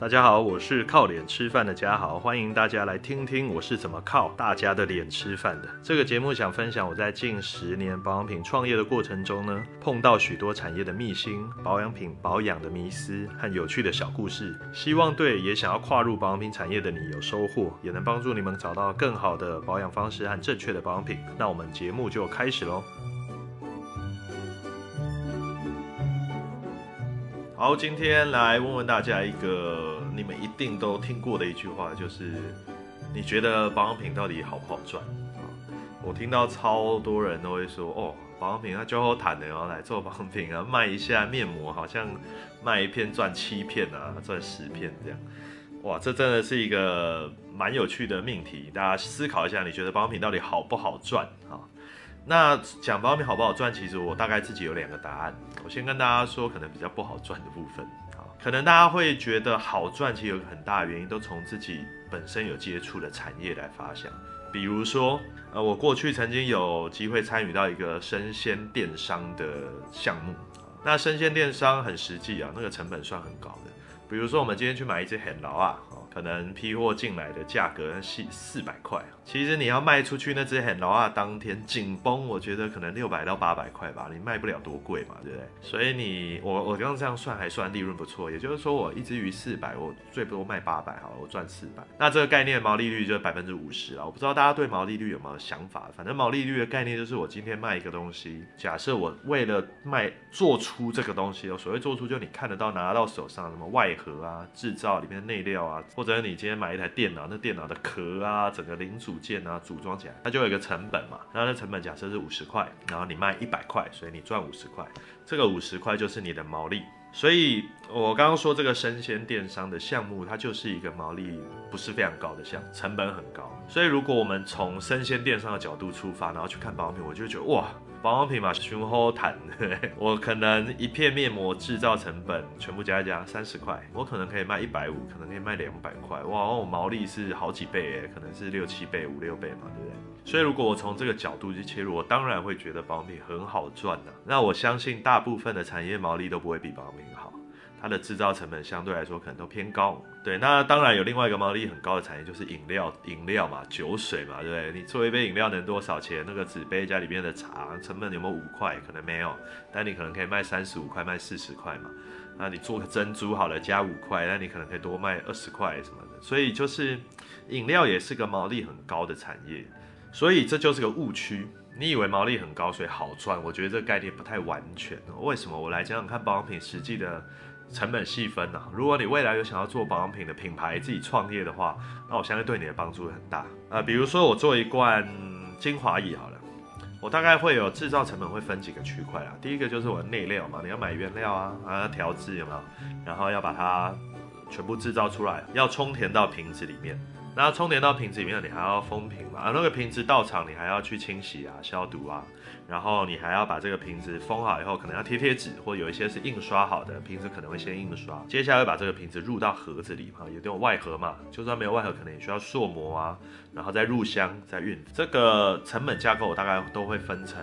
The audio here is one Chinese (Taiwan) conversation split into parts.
大家好，我是靠臉吃飯的嘉豪，歡迎大家來聽聽我是怎麼靠大家的臉吃飯的。這個節目想分享我在近十年保養品創業的過程中呢，碰到許多產業的秘辛、保養品保養的迷思和有趣的小故事，希望對也想要跨入保養品產業的你有收穫，也能幫助你們找到更好的保養方式和正確的保養品。那我們節目就開始嘍。好，今天來問問大家一個，你們一定都聽過的一句話，就是你覺得保養品到底好不好賺？我聽到超多人都會說，哦，保養品啊，最後坦的然後來做保養品啊，賣一下面膜，好像賣一片賺七片啊，賺十片這樣，哇，這真的是一個蠻有趣的命題，大家思考一下，你覺得保養品到底好不好賺啊？那講保養品好不好賺，其實我大概自己有兩個答案。我先跟大家說，可能比較不好賺的部分。啊，可能大家會覺得好賺，其實有個很大原因，都從自己本身有接觸的產業來發想。比如說，呃，我過去曾經有機會參與到一個生鮮電商的項目。那生鮮電商很實際啊，那個成本算很高的。比如說，我們今天去買一隻很牢啊。可能批貨進來的價格是四百塊。其實你要賣出去那隻很 low 啊，當天緊繃，我覺得可能六百到八百塊吧，你賣不了多貴嘛，對不對？所以你我我剛剛這樣算還算利潤不錯，也就是說我一隻魚四百，我最不多賣八百，好了，我賺四百。那這個概念毛利率就是百分之五十啊。我不知道大家對毛利率有沒有想法，反正毛利率的概念就是我今天賣一個東西，假設我為了賣做出這個東西，我所謂做出就你看得到拿到手上什麼外盒啊，製造裡面的內料啊，或者。所以你今天買一台電腦，那電腦的殼啊，整個零組件啊，組裝起來，它就有一個成本嘛。然後那個成本假設是五十塊，然後你賣一百塊，所以你賺五十塊。這個五十塊就是你的毛利。所以，我剛剛說這個生鮮電商的項目，它就是一個毛利不是非常高的項目，成本很高。所以，如果我們從生鮮電商的角度出發，然後去看保養品，我就覺得哇。保養品嘛，全部好談。我可能一片面膜製造成本全部加一加三十塊，我可能可以賣一百五，可能可以賣兩百塊，哇，我毛利是好幾倍哎，可能是六七倍、五六倍嘛，對不對？所以如果我從這個角度去切入，我當然會覺得保養品很好賺的啊。那我相信大部分的產業毛利都不會比保養品好。它的製造成本相對來說可能都偏高，對，那當然有另外一個毛利很高的產業就是飲料，飲料嘛，酒水嘛，對不對？你做一杯飲料能多少錢？那個紙杯加裡面的茶成本有沒有五塊？可能沒有，但你可能可以賣三十五塊，賣四十塊嘛。那你做個珍珠好了，加五塊，那你可能可以多賣二十塊什麼的。所以就是飲料也是個毛利很高的產業，所以這就是個誤區，你以為毛利很高所以好賺，我覺得這個概念不太完全。為什麼？我來講講看，保養品實際的。成本細分吶、啊，如果你未來有想要做保養品的品牌，自己創業的話，那我相信對你的幫助很大。啊、呃，比如說我做一罐精華液好了，我大概會有製造成本會分幾個區塊啊。第一個就是我的內料嘛，你要買原料啊，啊調製嘛，然後要把它全部製造出來，要充填到瓶子裡面。然後充填到瓶子裡面，你還要封瓶嘛，啊,那個瓶子到廠你還要去清洗啊、消毒啊,然後你還要把這個瓶子封好以後，可能要貼貼紙，或有一些是印刷好的瓶子,可能會先印刷。接下來會把這個瓶子入到盒子裡嘛，有這種外盒嘛？就算沒有外盒，可能也需要塑膜啊，然後再入箱、再運。這個成本架構我大概都會分成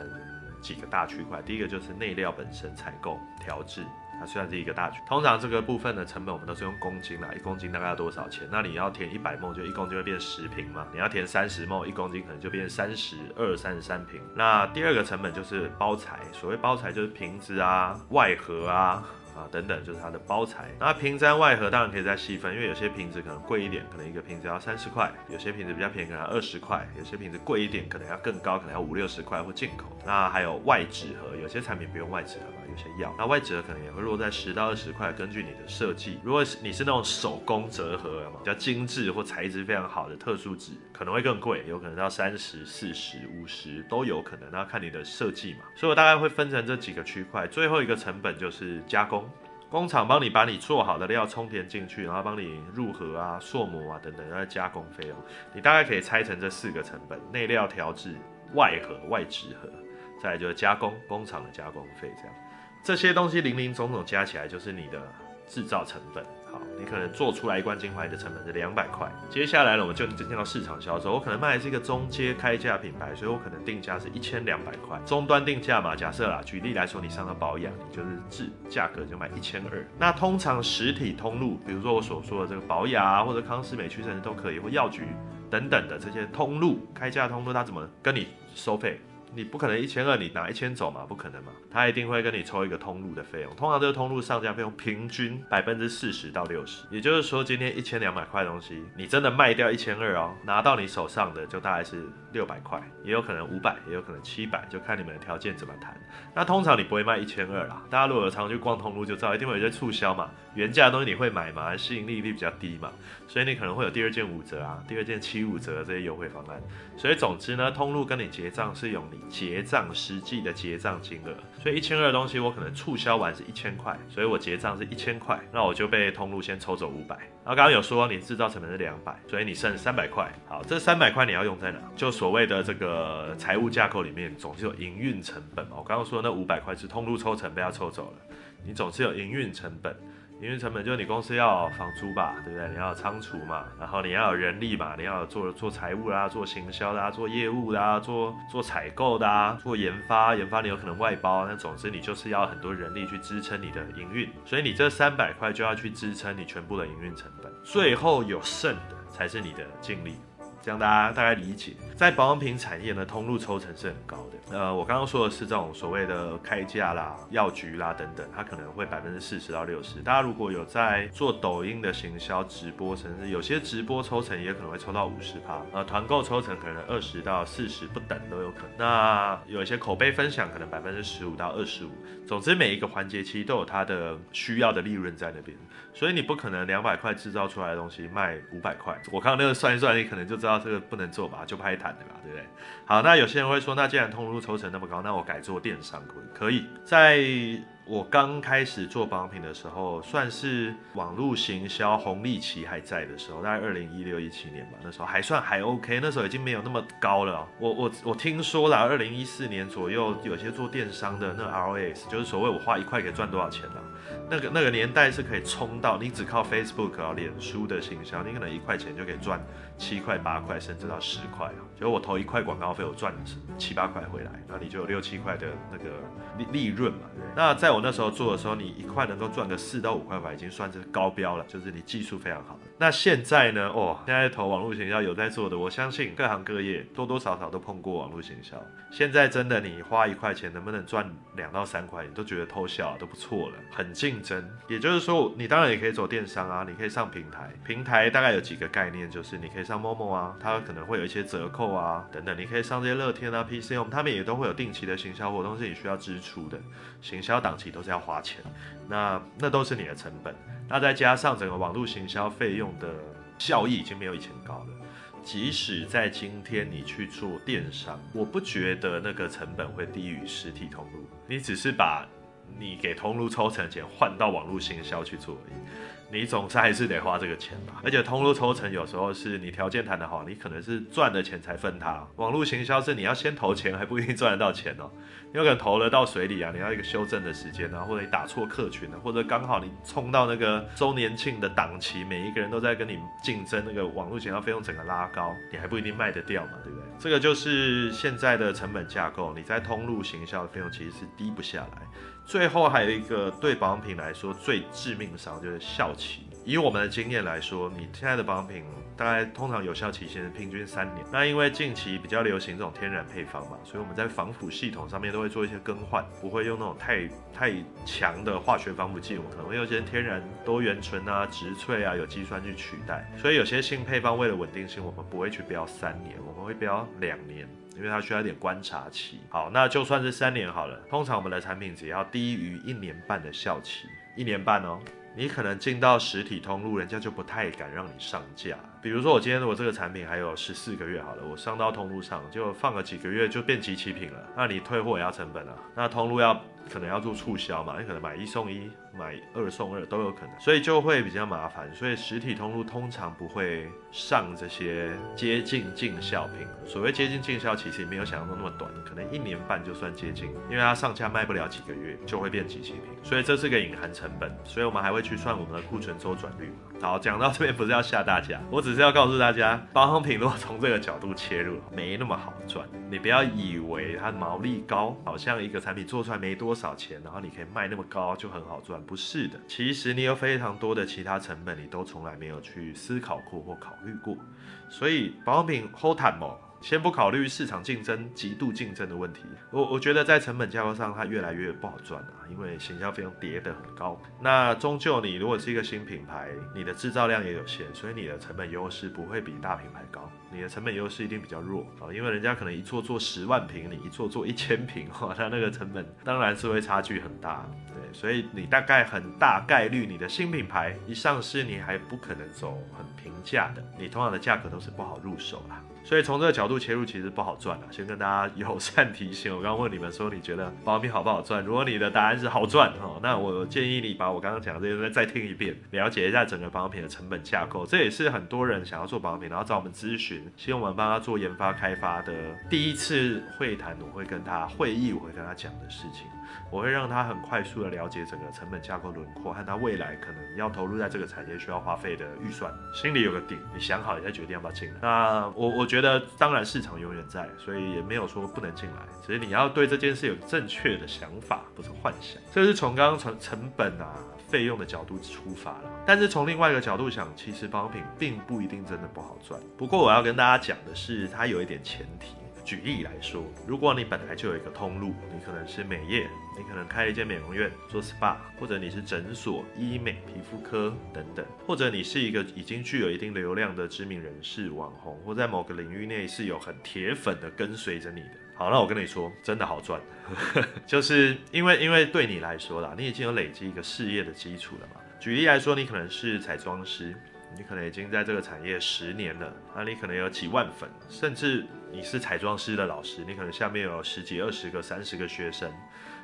幾個大區塊，第一個就是內料本身採購、調制。它、啊、雖然是一個大局，通常這個部分的成本我們都是用公斤啦，一公斤大概要多少錢？那你要填一百 ml，就一公斤會變十瓶嘛？你要填三十 ml，一公斤可能就變三十二、三十三瓶。那第二個成本就是包材，所謂包材就是瓶子啊、外盒啊。啊，等等，就是它的包材，那瓶裝、外盒當然可以再細分，因為有些瓶子可能貴一點，可能一個瓶子要三十塊，有些瓶子比較便宜，可能二十塊，有些瓶子貴一點，可能要更高，可能要五六十塊或進口。那還有外紙盒，有些產品不用外紙盒嘛，有些要，那外紙盒可能也會落在十到二十塊，根據你的設計。如果你是那種手工折盒，有沒有比較精緻或材質非常好的特殊紙，可能會更貴，有可能到三十四十五十都有可能，那要看你的設計嘛。所以我大概會分成這幾個區塊，最後一個成本就是加工。工廠幫你把你做好的料充填進去，然後幫你入盒啊、塑模啊等等的，加工費哦。你大概可以拆成這四個成本：內料調製、外盒、外紙盒，再來就是加工，工廠的加工費。這樣這些東西零零總總加起來就是你的製造成本。好你可能做出來一罐精華液的成本是兩百塊，接下來呢，我們就進入到市場銷售。我可能賣的是一個中階開價品牌，所以我可能定價是一千兩百塊。終端定價嘛，假設啦，舉例來說，你上了保養，你就是質價格就賣一千二。那通常實體通路，比如說我所說的這個保養啊，或者康是美、屈臣氏都可以，或藥局等等的這些通路開價通路，它怎麼跟你收費？你不可能一千二，你拿一千走嘛？不可能嘛？他一定會跟你抽一個通路的費用，通常這個通路上架費用平均百分之四十到六十，也就是說今天一千兩百塊的東西，你真的賣掉一千二哦，拿到你手上的就大概是六百塊，也有可能五百，也有可能七百，就看你們的條件怎麼談。那通常你不會賣一千二啦，大家如果常去逛通路就知道，一定會有些促銷嘛，原價的東西你會買嘛，而吸引力比較低嘛，所以你可能會有第二件五折啊，第二件七五折這些優惠方案。所以總之呢，通路跟你結賬是用你。結賬實際的結賬金額，所以一千二的東西我可能促銷完是一千塊，所以我結賬是一千塊，那我就被通路先抽走五百。那剛剛有說你製造成本是兩百，所以你剩三百塊。好，這三百塊你要用在哪？就所謂的這個財務架構裡面，總是有營運成本嘛。我剛剛說那五百塊是通路抽成被他抽走了，你總是有營運成本。營運成本就是你公司要房租吧，對不對？你要有倉儲嘛，然後你要有人力嘛，你要有做做財務啊，做行銷啊，做業務啊，做做採購的啊，做研發，研發你有可能外包，那總之你就是要很多人力去支撐你的營運，所以你這三百塊就要去支撐你全部的營運成本，最後有剩的才是你的淨利。這樣大家大概理解，在保養品產業呢，通路抽成是很高的。呃，我剛剛說的是這種所謂的開價啦、藥局啦等等，它可能會百分之四十到六十。大家如果有在做抖音的行銷直播，甚至有些直播抽成也可能會抽到五十趴。呃，團購抽成可能二十到四十不等都有可能。那有一些口碑分享，可能百分之十五到二十五。總之，每一個環節其實都有它的需要的利潤在那邊，所以你不可能兩百塊制造出來的東西賣五百塊。我剛剛那個算一算，你可能就知道。這個不能做吧，就拍彈的吧，對不對？好，那有些人會說，那既然通路抽成那麼高，那我改做電商可可以在。我剛開始做保養品的時候，算是網絡行銷紅利期還在的時候，大概二零一六一七年吧。那時候還算還 OK，那時候已經沒有那麼高了。我我我聽說了，二零一四年左右，有些做電商的那 ROAS，就是所謂我花一塊可以賺多少錢了，啊。那個那個年代是可以衝到你只靠 Facebook 啊，臉書的行銷，你可能一塊錢就可以賺七塊八塊，甚至到十塊啊。就我投一塊廣告費，我賺七八塊回來，那你就有六七塊的那個利利潤嘛。那在我那時候做的時候，你一塊能夠賺個四到五塊吧，已經算是高標了，就是你技術非常好。那現在呢？哦，現在投網絡行銷有在做的，我相信各行各業多多少少都碰過網絡行銷。現在真的，你花一塊錢能不能賺兩到三塊，你都覺得偷笑啊，都不錯了，很競爭。也就是說，你當然也可以走電商啊，你可以上平台。平台大概有幾個概念，就是你可以上 Momo 啊，它可能會有一些折扣啊等等，你可以上這些樂天啊、PCOM，他們也都會有定期的行銷活動，是你需要支出的。行銷檔期都是要花錢，那那都是你的成本。那再加上整個網絡行銷費用。的效益已經沒有以前高了。即使在今天，你去做電商，我不覺得那個成本會低於實體通路。你只是把你給通路抽成錢換到網絡行銷去做而已。你總算還是得花這個錢吧，而且通路抽成有時候是你條件談得好，你可能是賺的錢才分他。網絡行銷是你要先投錢，還不一定賺得到錢哦，有可能投了到水裡啊，你要一個修正的時間啊，或者你打錯客群了啊，或者剛好你衝到那個週年慶的檔期，每一個人都在跟你競爭，那個網絡行銷費用整個拉高，你還不一定賣得掉嘛，對不對？這個就是現在的成本架構，你在通路行銷的費用其實是低不下來。最後還有一個對保養品來說最致命的傷就是效期。以我們的經驗來說，你現在的保養品大概通常有效期限是平均三年。那因為近期比較流行這種天然配方嘛，所以我們在防腐系統上面都會做一些更換，不會用那種太太強的化學防腐劑，我們可能會用一些天然多元醇啊、植萃啊、有機酸去取代。所以有些新配方為了穩定性，我們不會去標三年，我們會標兩年，因為它需要一點觀察期。好，那就算是三年好了。通常我們的產品只要低於一年半的效期，一年半哦。你可能進到實體通路，人家就不太敢讓你上架。比如說我今天如果這個產品還有十四個月好了，我上到通路上就放個幾個月就變即期品了，那你退貨也要成本啊，那通路要可能要做促銷嘛，你可能買一送一、買二送二都有可能，所以就會比較麻煩，所以實體通路通常不會上這些接近近效品。所謂接近近效，其實也沒有想象中那麼短，可能一年半就算接近，因為它上架賣不了幾個月就會變即期品，所以這是個隱含成本，所以我們還會去算我們的庫存周轉率嘛。好，講到這邊不是要嚇大家，我只。只是要告訴大家，保養品，如果從這個角度切入，沒那麼好賺。你不要以為它毛利高，好像一個產品做出來沒多少錢，然後你可以賣那麼高就很好賺，不是的。其實你有非常多的其他成本，你都從來沒有去思考過或考慮過，所以保養品好賺嗎？先不考慮市場競爭、極度競爭的問題，我我覺得在成本架構上，它越來越不好賺了、啊，因為行銷費用疊得很高。那終究你如果是一個新品牌，你的製造量也有限，所以你的成本優勢不會比大品牌高，你的成本優勢一定比較弱啊，因為人家可能一做做十萬瓶，你一做做一千瓶，哇，它那個成本當然是會差距很大。對，所以你大概很大概率，你的新品牌一上市，你還不可能走很平價的，你通常的價格都是不好入手啦、啊。所以從這個角度切入，其實不好賺啊。先跟大家友善提醒，我剛剛問你們說，你覺得保養品好不好賺？如果你的答案是好賺哦，那我建議你把我剛剛講的這些再再聽一遍，了解一下整個保養品的成本架構。這也是很多人想要做保養品，然後找我們諮詢，希望我們幫他做研發開發的第一次會談，我會跟他會議，我會跟他講的事情。我會讓他很快速的了解整個成本架構輪廓和他未來可能要投入在這個產業需要花費的預算，心裡有個底，你想好你再決定要不要進來。那我我覺得，當然市場永遠在，所以也沒有說不能進來。所以你要對這件事有正確的想法，不是幻想。這是從剛剛從成成本啊費用的角度出發了，但是從另外一個角度想，其實保養品並不一定真的不好賺。不過我要跟大家講的是，它有一點前提。舉例來說，如果你本來就有一個通路，你可能是美業，你可能開一間美容院做 SPA，或者你是診所、醫美、皮膚科等等，或者你是一個已經具有一定流量的知名人士、網紅，或在某個領域內是有很鐵粉的跟隨着你的。好，那我跟你說，真的好賺， 就是因為因為對你來說啦，你已經有累積一個事業的基礎了嘛。舉例來說，你可能是彩妝師。你可能已經在這個產業十年了，那你可能有幾萬粉，甚至你是彩妝師的老師，你可能下面有十幾、二十個、三十個學生，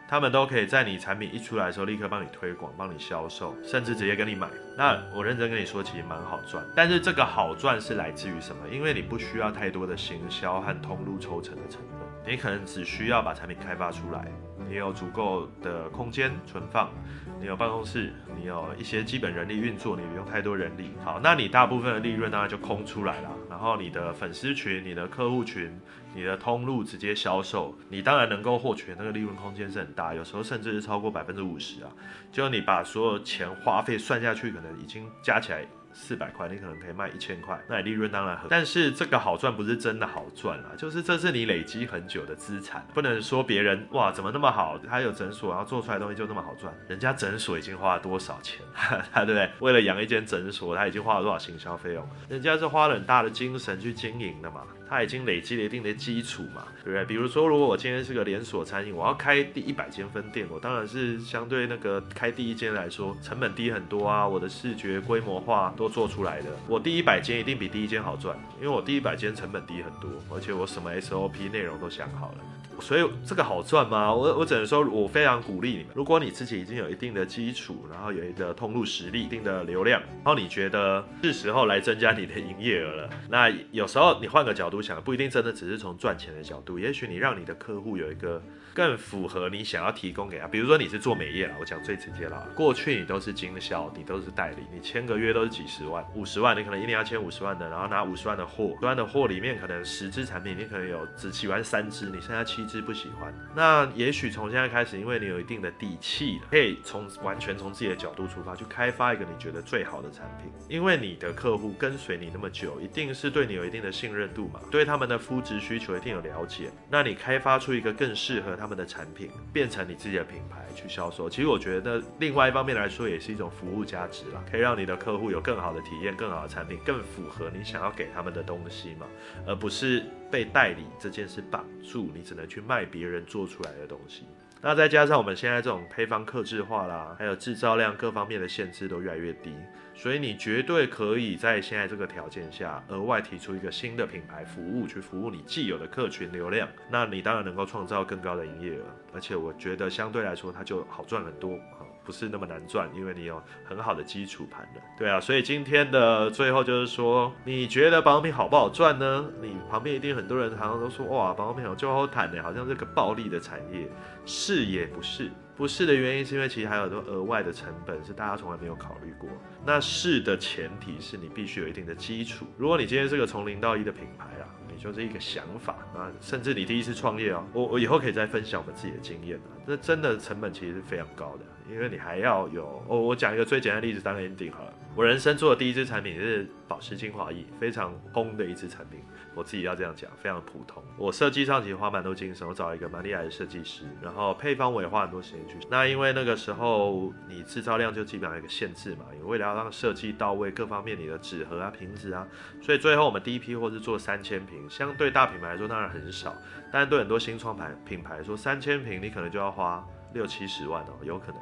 他們都可以在你產品一出來的時候立刻幫你推廣、幫你銷售，甚至直接跟你買。那我認真跟你說，其實蠻好賺。但是這個好賺是來自於什麼？因為你不需要太多的行銷和通路抽成的成分。你可能只需要把產品開發出來，你有足夠的空間存放，你有辦公室，你有一些基本人力運作，你不用太多人力。好，那你大部分的利潤呢，就空出來了，然後你的粉絲群、你的客戶群、你的通路直接銷售，你當然能夠獲取那個利潤空間是很大的，有時候甚至是超過百分之五十啊。就你把所有錢花費算下去，可能已經加起來。四百塊，你可能可以賣一千塊，那你利潤當然很。但是這個好賺不是真的好賺啊。就是這是你累積很久的資產，不能說別人哇，怎麼那麼好，他有診所，然後做出來的東西就那麼好賺。人家診所已經花了多少錢呵呵，對不對？為了養一間診所，他已經花了多少行銷費用哦？人家是花了很大的精神去經營的嘛。他已經累積了一定的基礎嘛，對不對？比如說，如果我今天是個連鎖餐飲，我要開第一百間分店，我當然是相對那個開第一間來說，成本低很多啊。我的視覺規模化都做出來的，我第一百間一定比第一間好賺，因為我第一百間成本低很多，而且我什麼 SOP 內容都想好了。所以這個好賺嗎？我我只能說，我非常鼓勵你們。如果你自己已經有一定的基礎，然後有一個通路實力、一定的流量，然後你覺得是時候來增加你的營業額了。那有時候你換個角度想，不一定真的只是從賺錢的角度，也許你讓你的客戶有一個。更符合你想要提供給他，比如說你是做美業啊，我講最直接了,了，過去你都是經銷，你都是代理，你簽個約都是幾十萬、五十萬，你可能一年要簽五十萬的，然後拿五十萬的貨，五十萬的貨裡面可能十支產品，你可能有只喜歡三支，你現在七支不喜歡，那也許從現在開始，因為你有一定的底氣了，可以從完全從自己的角度出發，去開發一個你覺得最好的產品，因為你的客戶跟隨你那麼久，一定是對你有一定的信任度嘛，對他們的膚質需求一定有了解，那你開發出一個更適合。他們的產品，變成你自己的品牌去銷售，其實我覺得另外一方面來說也是一種服務價值啦，可以讓你的客戶有更好的體驗、更好的產品、更符合你想要給他們的東西嘛，而不是被代理這件事綁住，你只能去賣別人做出來的東西。那再加上我們現在這種配方客製化啦，還有製造量各方面的限制都越來越低，所以你絕對可以在現在這個條件下額外提出一個新的品牌服務，去服務你既有的客群流量，那你當然能夠創造更高的營業額，而且我覺得相對來說它就好賺很多不是那麼難賺，因為你有很好的基礎盤了。對啊，所以今天的最後就是說，你覺得保養品好不好賺呢？你旁邊一定很多人好像都說，哇，保養品好就好談的，好像這個暴利的產業，是也不是？不是的原因是因為其實還有很多額外的成本是大家從來沒有考慮過。那是的前提是你必須有一定的基礎。如果你今天是個從零到一的品牌啊，你就是一個想法啊，甚至你第一次創業啊，我我以後可以再分享我們自己的經驗啊，那真的成本其實是非常高的。因為你還要有哦，我講一個最簡單的例子，當然你懂了。我人生做的第一支產品是保濕精華液，非常空的一支產品，我自己要這樣講，非常普通。我設計上其實花蠻多精神，我找了一個蠻厲害的設計師，然後配方我也花很多時間去。那因為那個時候你製造量就基本上有個限制嘛，因為為了要讓設計到位，各方面你的紙盒啊、瓶子啊，所以最後我們第一批貨是做三千瓶，相對大品牌來說當然很少，但是對很多新創牌品牌來說三千瓶你可能就要花六七十萬哦，有可能。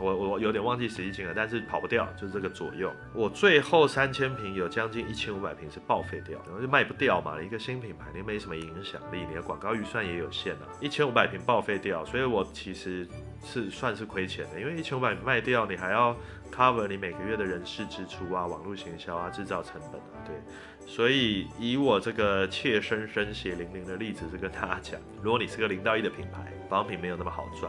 我我有點忘記實際金額，但是跑不掉，就是這個左右。我最後三千瓶有將近一千五百瓶是報廢掉，然後就賣不掉嘛。一個新品牌，你沒什麼影響力，你的廣告預算也有限啊。一千五百瓶報廢掉，所以我其實是算是虧錢的，因為一千五百瓶賣掉，你還要 cover 你每個月的人事支出啊、網絡行銷啊、製造成本啊。對，所以以我這個切身身血淋淋的例子是跟大家講，如果你是個零到一的品牌，保養品沒有那麼好賺。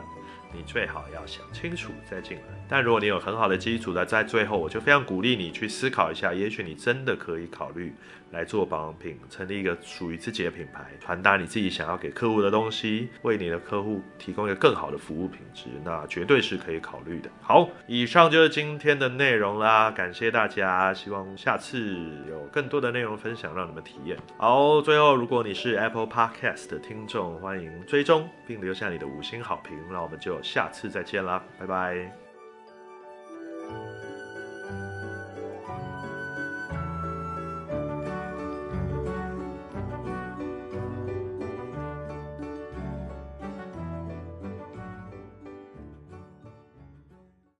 你最好要想清楚再進來。但如果你有很好的基礎的，在最後，我就非常鼓勵你去思考一下，也許你真的可以考慮。來做保養品，成立一個屬於自己的品牌，傳達你自己想要給客戶的東西，為你的客戶提供一個更好的服務品質，那絕對是可以考慮的。好，以上就是今天的內容啦，感謝大家，希望下次有更多的內容分享讓你們體驗。好，最後如果你是 Apple Podcast 的聽眾，歡迎追蹤並留下你的五星好評，那我們就下次再見啦，拜拜。